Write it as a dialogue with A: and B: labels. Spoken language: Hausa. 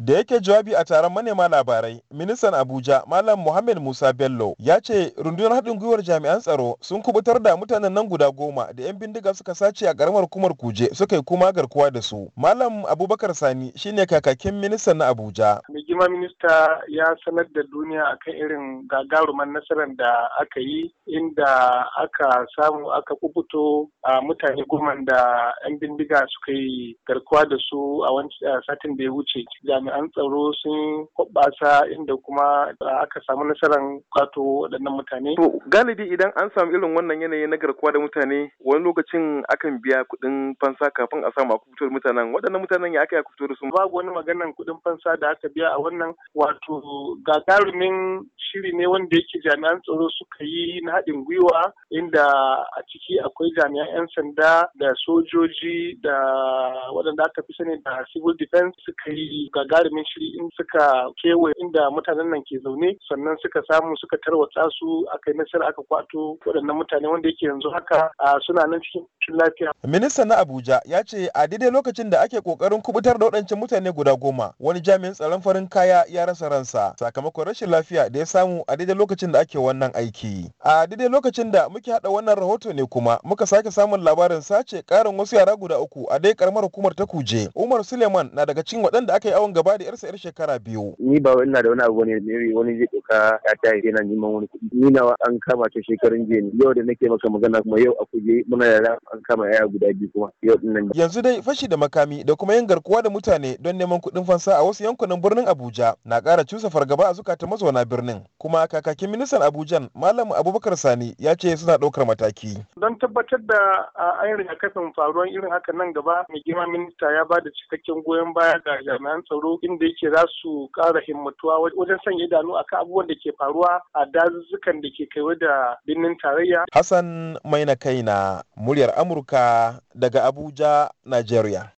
A: da yake jawabi a taron manema labarai ministan abuja malam muhammed musa bello ya ce rundunar haɗin gwiwar jami'an tsaro sun kubutar da mutanen nan guda goma da 'yan bindiga suka sace a karamar kumar kuje suka yi kuma garkuwa da su malam abubakar sani shine kakakin ministan na abuja
B: girma minista ya sanar da duniya akan irin gagaruman nasarar da aka yi inda aka samu aka kubuto a mutane goma da 'yan bindiga suka yi garkuwa da su a satin da ya wuce jami'an tsaro sun hoɓɓasa inda kuma aka samu nasarar kwato waɗannan
A: mutane. To galibi idan an samu irin wannan yanayi na garkuwa da mutane wani lokacin akan biya kuɗin fansa kafin a samu a kubutar mutanen waɗannan mutanen ya aka ya kubutar da su. Babu wani maganan kuɗin
B: fansa da aka biya a wannan wato gagarumin shiri ne wanda yake jami'an tsaro suka yi na haɗin gwiwa inda a ciki akwai jami'an 'yan sanda da sojoji da waɗanda aka fi sani da civil defense suka yi gagarumin shiri in suka kewaye inda mutanen nan ke zaune sannan suka samu suka tarwatsa su aka yi nasara aka kwato waɗannan mutane wanda yake yanzu haka suna nan cikin Minista lafiya.
A: Ministan na Abuja ya ce a daidai lokacin da ake kokarin kubutar da waɗancan mutane guda goma wani jami'in tsaron farin kaya ya rasa ransa sakamakon rashin lafiya da ya samu a daidai lokacin da ake wannan aiki. A daidai lokacin da muke haɗa wannan rahoto ne kuma muka sake samun labarin sace ƙarin wasu yara guda uku a dai karamar hukumar ta Kuje. Umar Suleiman na daga cikin waɗanda aka yi awon gaba da 'yarsa 'yar shekara biyu.
B: Ni ba ina da wani abu ne wani zai ɗauka ya ta yi na neman wani kuɗi. Ni nawa an kama ta shekarun jiya yau da nake maka magana kuma yau a Kuje muna da an kama yaya guda biyu kuma yau dinnan.
A: Yanzu dai fashi da makami da kuma yin garkuwa da mutane don neman kuɗin fansa a wasu yankunan birnin Abuja na ƙara cusa fargaba a zukata mazauna birnin. Kuma kakakin ministan Abujan Malam Abubakar Sani ya ce suna ɗaukar mataki.
B: Don tabbatar da an rigakafin faruwar irin haka nan gaba mai girma minista ya ba da cikakken goyon baya ga jami'an tsaro inda yake za su ƙara himmatuwa wajen sanya idanu akan abubuwan da ke faruwa a dazuzzukan da ke kaiwa da birnin tarayya.
A: Hassan Maina Kaina muryar Amurka daga Abuja, Nigeria.